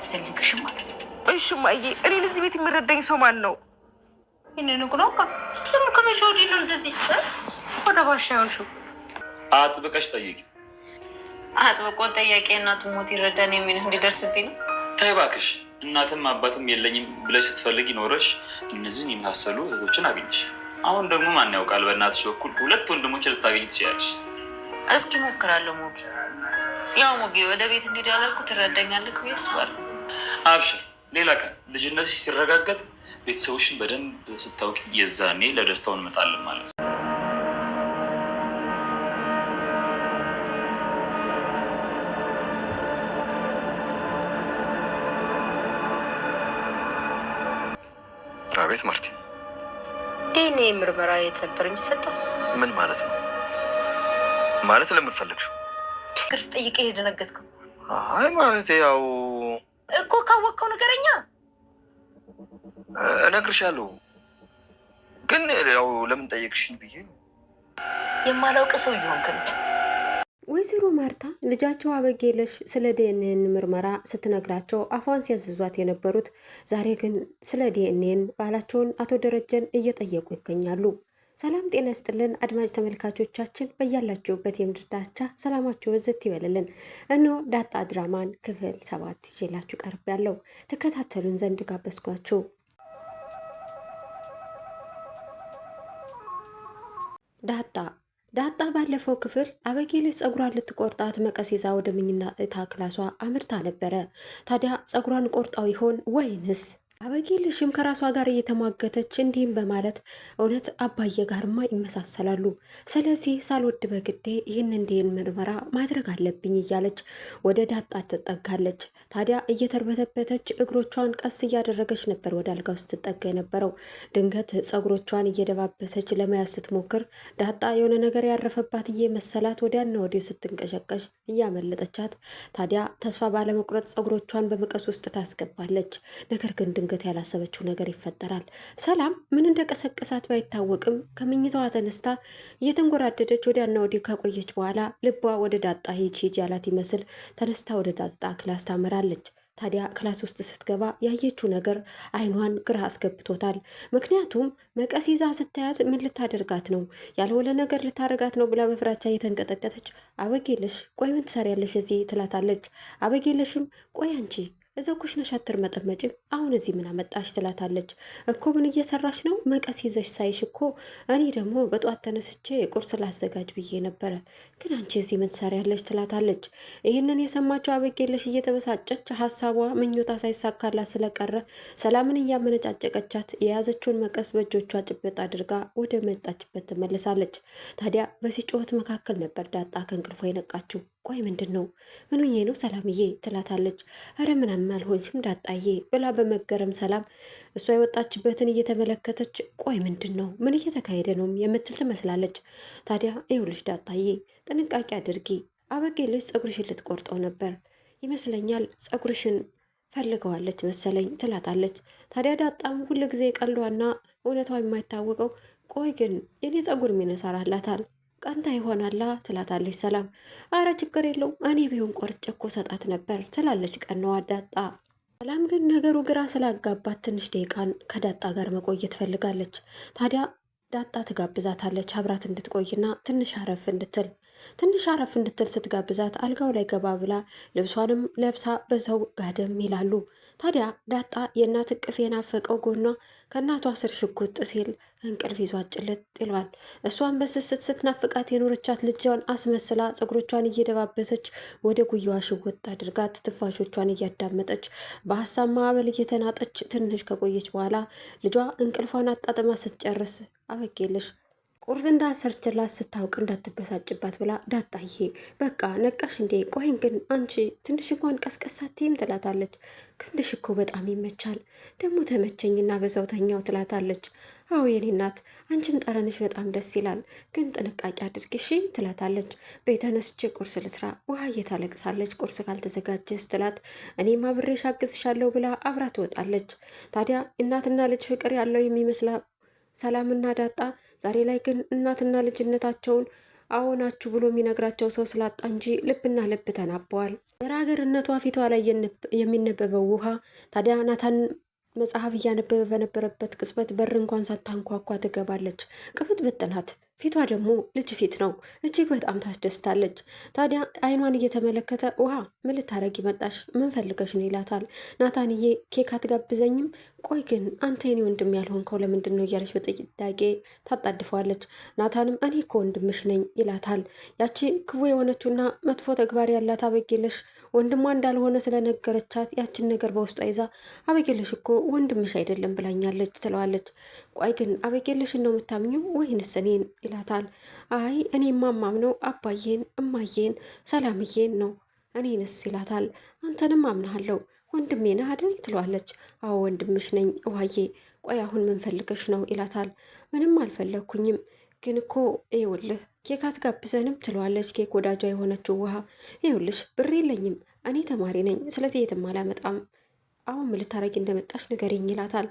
አያስፈልግሽም ማለት ነው። እሺ እማዬ፣ እኔን እዚህ ቤት የሚረዳኝ ሰው ማን ነው? ይህንን እንቁላል እኮ ደግሞ ከመቼ ወዲህ ነው እንደዚህ ወደ ባሻ የሆንሽው? አጥብቀሽ ጠይቂ። አጥብቆ ጠያቄ እናቱ ሞት ይረዳን የሚል እንዲደርስብኝ ነው። ተይ እባክሽ፣ እናትም አባትም የለኝም ብለሽ ስትፈልግ ይኖረሽ እነዚህን የመሳሰሉ እህቶችን አገኘሽ። አሁን ደግሞ ማን ያውቃል በእናትሽ በኩል ሁለት ወንድሞች ልታገኝ ትችላለሽ። እስኪ ሞክራለሁ። ሞጌ ያው ሞጌ ወደ ቤት እንዲዳላልኩ ትረዳኛለህ ብዬ አስባለሁ። አብሽር፣ ሌላ ቀን ልጅነት ሲረጋገጥ ቤተሰቦችን በደንብ ስታውቂ የዛኔ ለደስታው እንመጣለን ማለት ነው። አቤት ማርቲ፣ ዲኤንኤ ምርመራ የት ነበር የሚሰጠው? ምን ማለት ነው? ማለት ለምን ፈለግሽው? ቅርስ ጠይቀ የደነገጥከው? አይ ማለት ያው እኮ ካወቅከው ነገረኛ እነግርሻለሁ። ግን ያው ለምን ጠየቅሽኝ ብዬ የማላውቅ ሰው እየሆንክ ወይዘሮ ማርታ ልጃቸው አበጌለሽ ስለ ዲኤንኤን ምርመራ ስትነግራቸው አፏን ሲያዝዟት የነበሩት ዛሬ ግን ስለ ዲኤንኤን ባላቸውን አቶ ደረጀን እየጠየቁ ይገኛሉ። ሰላም ጤና ይስጥልን አድማጭ ተመልካቾቻችን በያላችሁበት የምድር ዳርቻ ሰላማችሁ ብዝት ይበልልን። እነሆ ዳጣ ድራማን ክፍል ሰባት ይዤላችሁ ያለው ተከታተሉን ዘንድ ጋበዝኳችሁ። ዳጣ ዳጣ ባለፈው ክፍል አበጌል ፀጉሯን ልትቆርጣት መቀስ ይዛ ወደ ምኝታ ክላሷ አምርታ ነበረ። ታዲያ ፀጉሯን ቆርጣው ይሆን ወይንስ አበጌልሽም ከራሷ ጋር እየተሟገተች እንዲህም በማለት እውነት አባዬ ጋርማ ይመሳሰላሉ። ስለዚህ ሳልወድ በግዴ ይህን እንዲህን ምርመራ ማድረግ አለብኝ እያለች ወደ ዳጣ ትጠጋለች። ታዲያ እየተርበተበተች እግሮቿን ቀስ እያደረገች ነበር ወደ አልጋው ስትጠጋ የነበረው። ድንገት ጸጉሮቿን እየደባበሰች ለመያዝ ስትሞክር ዳጣ የሆነ ነገር ያረፈባት እየመሰላት ወዲያና ወዲህ ስትንቀሸቀሽ እያመለጠቻት ታዲያ ተስፋ ባለመቁረጥ ጸጉሮቿን በመቀስ ውስጥ ታስገባለች። ነገር ግን ድንገት ያላሰበችው ነገር ይፈጠራል። ሰላም ምን እንደቀሰቀሳት ባይታወቅም ከምኝታዋ ተነስታ እየተንጎራደደች ወዲያና ወዲህ ከቆየች በኋላ ልቧ ወደ ዳጣ ሂጅ ሂጅ ያላት ይመስል ተነስታ ወደ ዳጣ ክላስ ታመራለች። ታዲያ ክላስ ውስጥ ስትገባ ያየችው ነገር አይኗን ግራ አስገብቶታል። ምክንያቱም መቀስ ይዛ ስታያት ምን ልታደርጋት ነው? ያልሆነ ነገር ልታደርጋት ነው ብላ በፍራቻ እየተንቀጠቀጠች አበጌለሽ ቆይ ምን ትሰሪያለሽ እዚህ ትላታለች። አበጌለሽም ቆይ አንቺ እዛው ኩሽናሽ አትርመጠመጭም? አሁን እዚህ ምን አመጣሽ? ትላታለች። እኮ ምን እየሰራሽ ነው? መቀስ ይዘሽ ሳይሽ እኮ እኔ ደግሞ በጠዋት ተነስቼ ቁርስ ላዘጋጅ ብዬ ነበረ፣ ግን አንቺ እዚህ ምን ትሰሪያለሽ? ትላታለች። ይህንን የሰማችው አበጌለሽ እየተበሳጨች ሀሳቧ ምኞታ ሳይሳካላት ስለቀረ ሰላምን እያመነጫጨቀቻት የያዘችውን መቀስ በእጆቿ ጭበጥ አድርጋ ወደ መጣችበት ትመለሳለች። ታዲያ በዚህ ጩኸት መካከል ነበር ዳጣ ከእንቅልፎ የነቃችው። ቆይ ምንድን ነው? ምንዬ ነው ሰላምዬ ትላታለች። አረ ምናምን አልሆንሽም ዳጣዬ ብላ በመገረም ሰላም እሷ የወጣችበትን እየተመለከተች ቆይ ምንድን ነው ምን እየተካሄደ ነው የምትል ትመስላለች። ታዲያ ይኸውልሽ ዳጣዬ ጥንቃቄ አድርጊ፣ ልጅ ፀጉርሽን ልትቆርጠው ነበር ይመስለኛል ፀጉርሽን ፈልገዋለች መሰለኝ ትላታለች። ታዲያ ዳጣም ሁል ጊዜ ቀልዷና እውነቷ የማይታወቀው ቆይ ግን የኔ ፀጉር ምን ይሰራላታል ቀንታ ይሆናላ ትላታለች ሰላም። አረ ችግር የለውም እኔ ቢሆን ቆርጬ እኮ ሰጣት ነበር ትላለች ቀነዋ ዳጣ። ሰላም ግን ነገሩ ግራ ስላጋባት ትንሽ ደቂቃን ከዳጣ ጋር መቆየት ትፈልጋለች። ታዲያ ዳጣ ትጋብዛታለች አብራት እንድትቆይና ትንሽ አረፍ እንድትል ትንሽ አረፍ እንድትል ስትጋብዛት አልጋው ላይ ገባ ብላ ልብሷንም ለብሳ በዛው ጋደም ይላሉ። ታዲያ ዳጣ የእናት እቅፍ የናፈቀው ጎኗ ከእናቷ ስር ሽጉጥ ሲል እንቅልፍ ይዟት ጭልጥ ይሏል። እሷን በስስት ስትናፍቃት የኖረቻት ልጇን አስመስላ ፀጉሮቿን እየደባበሰች ወደ ጉያዋ ሽጉጥ አድርጋት ትፋሾቿን እያዳመጠች በሀሳብ ማዕበል እየተናጠች ትንሽ ከቆየች በኋላ ልጇ እንቅልፏን አጣጥማ ስትጨርስ አበጌለሽ ቁርስ እንዳሰርችላት ስታውቅ እንዳትበሳጭባት ብላ ዳጣዬ በቃ ነቃሽ እንዴ? ቆይን ግን አንቺ ትንሽ እንኳን ቀስቀስ ትላታለች። ክንድሽ እኮ በጣም ይመቻል ደግሞ ተመቸኝና በሰውተኛው ትላታለች። አዎ የኔ እናት አንቺም ጠረንሽ በጣም ደስ ይላል፣ ግን ጥንቃቄ አድርግሽ ትላታለች። ቤተነስች ቁርስ ልስራ ውሃ እየታለቅሳለች ቁርስ ካልተዘጋጀስ ትላት። እኔም አብሬሽ አግዝሻለሁ ብላ አብራ ትወጣለች። ታዲያ እናትና ልጅ ፍቅር ያለው የሚመስላ ሰላምና ዳጣ ዛሬ ላይ ግን እናትና ልጅነታቸውን አዎናችሁ ብሎ የሚነግራቸው ሰው ስላጣ እንጂ ልብና ልብ ተናበዋል። ገራገርነቷ ፊቷ ላይ የሚነበበው ውሃ ታዲያ ናታን መጽሐፍ እያነበበ በነበረበት ቅጽበት በር እንኳን ሳታንኳኳ ትገባለች። ቅብት ብጥናት ፊቷ ደግሞ ልጅ ፊት ነው። እጅግ በጣም ታስደስታለች። ታዲያ አይኗን እየተመለከተ ውሃ ምን ልታረጊ መጣሽ? ምን ፈልገሽ ነው ይላታል። ናታንዬ ኬክ አትጋብዘኝም? ቆይ ግን አንተ የኔ ወንድም ያልሆንከው ለምንድን ነው እያለች በጥያቄ ታጣድፈዋለች። ናታንም እኔ እኮ ወንድምሽ ነኝ ይላታል። ያቺ ክፉ የሆነችውና መጥፎ ተግባር ያላት አበጌለሽ ወንድሟ እንዳልሆነ ስለነገረቻት ያችን ነገር በውስጧ ይዛ አበጌለሽ እኮ ወንድምሽ አይደለም ብላኛለች ትለዋለች። ቆይ ግን አበጌለሽን ነው የምታምኘው ወይንስ እኔን ይላታል። አይ እኔ ነው አባዬን፣ እማዬን፣ ሰላምዬን ነው እኔንስ ይላታል። አንተንም አምናሃለው ወንድሜ ነህ አይደል ትለዋለች። አዎ ወንድምሽ ነኝ ውሃዬ። ቆይ አሁን ምን ፈልገሽ ነው ይላታል። ምንም አልፈለግኩኝም ግን እኮ ይኸውልህ ኬክ አትጋብዘንም ትለዋለች። ኬክ ወዳጇ የሆነችው ውሃ ይኸውልሽ ብር የለኝም እኔ ተማሪ ነኝ፣ ስለዚህ የትም አላመጣም አሁን ምን ልታረጊ እንደመጣሽ ንገሪኝ ይላታል።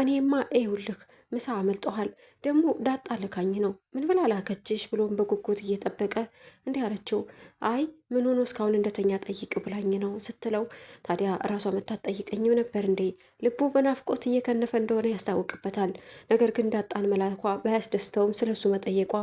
እኔማ ይኸውልህ ምሳ አመልጦሃል፣ ደግሞ ዳጣ ልካኝ ነው ምን ብላ ላከችሽ ብሎም በጉጉት እየጠበቀ እንዲህ አለችው። አይ ምን ሆኖ እስካሁን እንደተኛ ጠይቅ ብላኝ ነው ስትለው፣ ታዲያ ራሷ መታትጠይቀኝም ነበር እንዴ? ልቡ በናፍቆት እየከነፈ እንደሆነ ያስታውቅበታል። ነገር ግን ዳጣን መላኳ ባያስደስተውም ስለሱ መጠየቋ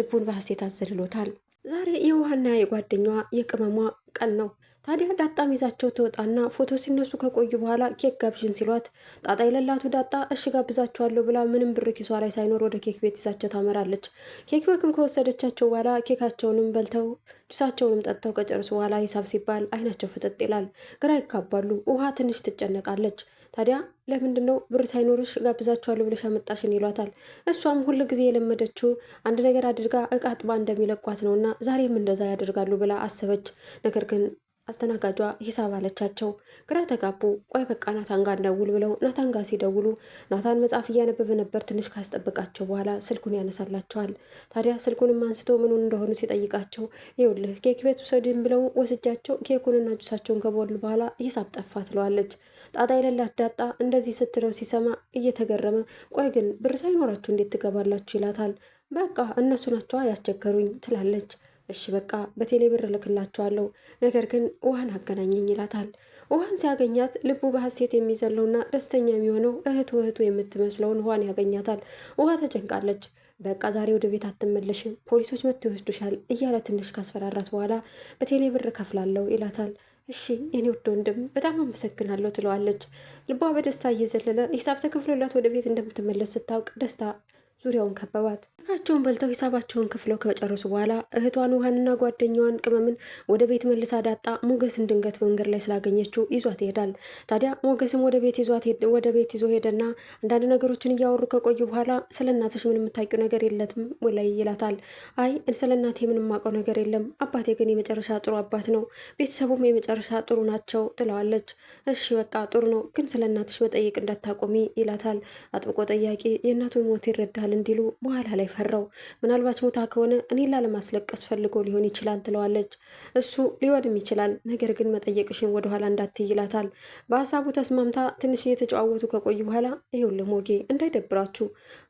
ልቡን በሐሴት አዘልሎታል። ዛሬ የውሃና የጓደኛዋ የቅመሟ ቀን ነው። ታዲያ ዳጣም ይዛቸው ትወጣና ፎቶ ሲነሱ ከቆዩ በኋላ ኬክ ጋብዥን ሲሏት ጣጣ የሌላቱ ዳጣ እሺ ጋብዛቸዋለሁ ብላ ምንም ብር ኪሷ ላይ ሳይኖር ወደ ኬክ ቤት ይዛቸው ታመራለች። ኬክ ቤትም ከወሰደቻቸው በኋላ ኬካቸውንም በልተው ጁሳቸውንም ጠጥተው ከጨርሱ በኋላ ሂሳብ ሲባል አይናቸው ፍጥጥ ይላል። ግራ ይካባሉ። ውሃ ትንሽ ትጨነቃለች። ታዲያ ለምንድን ነው ብር ሳይኖርሽ ጋብዛቸዋለሁ ብለሽ ያመጣሽን? ይሏታል። እሷም ሁል ጊዜ የለመደችው አንድ ነገር አድርጋ እቃ ጥባ እንደሚለቋት ነውና ዛሬም እንደዛ ያደርጋሉ ብላ አሰበች። ነገር ግን አስተናጋጇ ሂሳብ አለቻቸው። ግራ ተጋቡ። ቆይ በቃ ናታን ጋር እንደውል ብለው ናታን ጋር ሲደውሉ ናታን መጽሐፍ እያነበበ ነበር። ትንሽ ካስጠበቃቸው በኋላ ስልኩን ያነሳላቸዋል። ታዲያ ስልኩንም አንስቶ ምኑን እንደሆኑ ሲጠይቃቸው ይኸውልህ ኬክ ቤት ውሰድም ብለው ወስጃቸው ኬኩንና ጁሳቸውን ከበሉ በኋላ ሂሳብ ጠፋ ትለዋለች። ጣጣ የሌላት ዳጣ እንደዚህ ስትለው ሲሰማ እየተገረመ ቆይ ግን ብር ሳይኖራችሁ እንዴት ትገባላችሁ? ይላታል። በቃ እነሱ ናቸዋ ያስቸገሩኝ ትላለች። እሺ በቃ በቴሌ ብር ልክላቸዋለሁ ነገር ግን ውሃን አገናኘኝ ይላታል። ውሃን ሲያገኛት ልቡ በሐሴት የሚዘለውና ደስተኛ የሚሆነው እህቱ እህቱ የምትመስለውን ውሃን ያገኛታል። ውሃ ተጨንቃለች። በቃ ዛሬ ወደ ቤት አትመለሽም፣ ፖሊሶች መጥተው ይወስዱሻል እያለ ትንሽ ካስፈራራት በኋላ በቴሌ ብር እከፍላለሁ ይላታል። እሺ የኔ ውድ ወንድም በጣም አመሰግናለሁ ትለዋለች። ልቧ በደስታ እየዘለለ ሂሳብ ተከፍሎላት ወደ ቤት እንደምትመለስ ስታውቅ ደስታ ዙሪያውን ከበባት። ካቸውን በልተው ሂሳባቸውን ከፍለው ከጨረሱ በኋላ እህቷን ውሃንና ጓደኛዋን ቅመምን ወደ ቤት መልሳ ዳጣ ሞገስን ድንገት መንገድ ላይ ስላገኘችው ይዟት ይሄዳል። ታዲያ ሞገስም ወደ ቤት ወደ ቤት ይዞ ሄደና አንዳንድ ነገሮችን እያወሩ ከቆዩ በኋላ ስለ እናትሽ ምን የምታውቂው ነገር የለትም ወላይ ይላታል። አይ ስለ እናቴ ምን የማውቀው ነገር የለም፣ አባቴ ግን የመጨረሻ ጥሩ አባት ነው፣ ቤተሰቡም የመጨረሻ ጥሩ ናቸው ትለዋለች። እሺ በቃ ጥሩ ነው፣ ግን ስለ እናትሽ መጠየቅ እንዳታቆሚ ይላታል። አጥብቆ ጠያቂ የእናቱን ሞት ይረዳል። ሞተሃል እንዲሉ በኋላ ላይ ፈራው። ምናልባት ሞታ ከሆነ እኔን ላለማስለቀስ ፈልጎ ሊሆን ይችላል ትለዋለች። እሱ ሊሆንም ይችላል፣ ነገር ግን መጠየቅሽን ወደኋላ እንዳትይ ይላታል። በሀሳቡ ተስማምታ ትንሽ እየተጨዋወቱ ከቆዩ በኋላ ይኸውልህ ሞጌ እንዳይደብራችሁ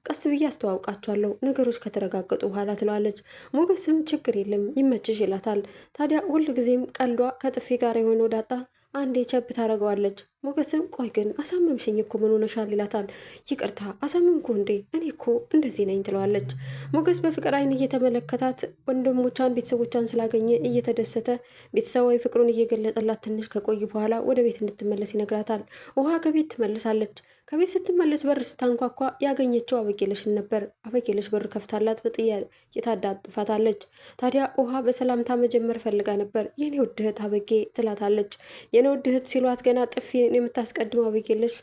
ቀስ ብዬ አስተዋውቃችኋለሁ ነገሮች ከተረጋገጡ በኋላ ትለዋለች። ሞገስም ችግር የለም ይመችሽ ይላታል። ታዲያ ሁልጊዜም ቀልዷ ከጥፌ ጋር የሆነው ዳጣ አንዴ ቸብ ታደርገዋለች። ሞገስም ቆይ ግን አሳመምሽኝ እኮ ምን ሆነሻል ይላታል። ይቅርታ አሳመምኩ እንዴ እኔ እኮ እንደዚህ ነኝ ትለዋለች። ሞገስ በፍቅር አይን እየተመለከታት ወንድሞቿን፣ ቤተሰቦቿን ስላገኘ እየተደሰተ ቤተሰባዊ ፍቅሩን እየገለጠላት ትንሽ ከቆዩ በኋላ ወደ ቤት እንድትመለስ ይነግራታል። ውሃ ከቤት ትመልሳለች። ከቤት ስትመለስ በር ስታንኳኳ ያገኘችው አበጌለሽን ነበር። አበጌለሽ በር ከፍታላት የታዳ ታዳጥፋታለች። ታዲያ ውሃ በሰላምታ መጀመር ፈልጋ ነበር። የኔ ውድ እህት አበጌ ትላታለች። የኔ ውድ እህት ሲሏት ገና ጥፊን የምታስቀድመው አበጌለሽ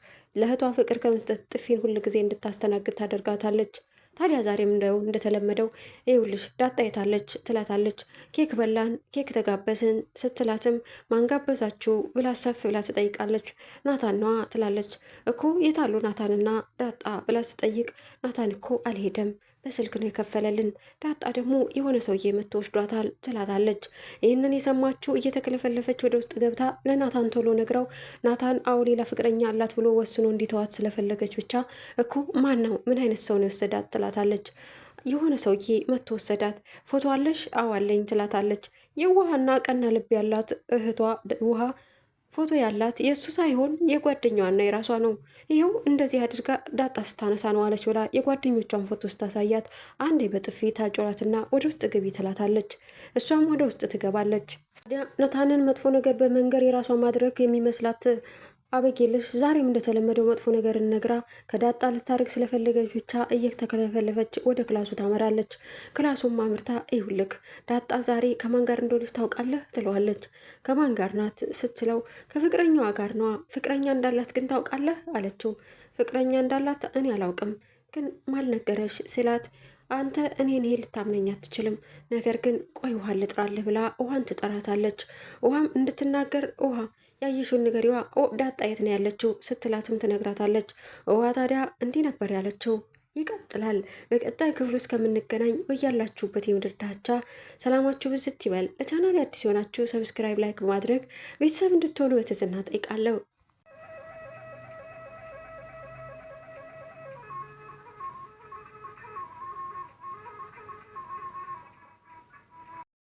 ለእህቷ ፍቅር ከመስጠት ጥፊን ጊዜ እንድታስተናግድ ታደርጋታለች። ታዲያ ዛሬም እንደው እንደተለመደው ይኸውልሽ ዳጣ የታለች ትላታለች። ኬክ በላን፣ ኬክ ተጋበዝን ስትላትም ማንጋበዛችሁ ብላ ሰፍ ብላ ትጠይቃለች። ናታን ነዋ ትላለች። እኮ የታሉ ናታንና ዳጣ ብላ ስጠይቅ ናታን እኮ አልሄደም በስልክ ነው የከፈለልን። ዳጣ ደግሞ የሆነ ሰውዬ መጥቶ ወስዷታል ትላታለች። ይህንን የሰማችው እየተክለፈለፈች ወደ ውስጥ ገብታ ለናታን ቶሎ ነግረው ናታን አዎ ሌላ ፍቅረኛ አላት ብሎ ወስኖ እንዲተዋት ስለፈለገች ብቻ እኮ ማን ነው ምን አይነት ሰው ነው የወሰዳት ትላታለች። የሆነ ሰውዬ መጥቶ ወሰዳት። ፎቶ አለሽ? አዋለኝ ትላታለች። የውሃና ቀና ልብ ያላት እህቷ ውሃ ፎቶ ያላት የእሱ ሳይሆን የጓደኛዋና የራሷ ነው። ይኸው እንደዚህ አድርጋ ዳጣ ስታነሳ ነው አለች ብላ የጓደኞቿን ፎቶ ስታሳያት አንዴ በጥፊ ታጮራትና ወደ ውስጥ ግቢ ትላታለች። እሷም ወደ ውስጥ ትገባለች። ታዲያ ናታንን መጥፎ ነገር በመንገር የራሷ ማድረግ የሚመስላት አበጌለሽ ዛሬም እንደተለመደው መጥፎ ነገር ነግራ ከዳጣ ልታርቅ ስለፈለገች ብቻ እየተከለፈለፈች ወደ ክላሱ ታመራለች። ክላሱም አምርታ ይውልክ ዳጣ ዛሬ ከማን ጋር እንደሆነች ታውቃለህ? ትለዋለች። ከማን ጋር ናት ስትለው ከፍቅረኛዋ ጋር ነዋ። ፍቅረኛ እንዳላት ግን ታውቃለህ? አለችው። ፍቅረኛ እንዳላት እኔ አላውቅም፣ ግን ማልነገረሽ ስላት አንተ እኔን ይሄ ልታምነኝ አትችልም። ነገር ግን ቆይ ውሃ ልጥራልህ ብላ ውሃን ትጠራታለች። ውሃም እንድትናገር ውሃ ያየሽውን ንገሪዋ። ኦ ዳጣ የት ነው ያለችው ስትላትም ትነግራታለች። እዋ ታዲያ እንዲህ ነበር ያለችው። ይቀጥላል። በቀጣይ ክፍል ውስጥ ከምንገናኝ በያላችሁበት የምድር ዳርቻ ሰላማችሁ ብዝት ይበል። ለቻናል አዲስ የሆናችሁ ሰብስክራይብ፣ ላይክ በማድረግ ቤተሰብ እንድትሆኑ በትህትና ጠይቃለሁ።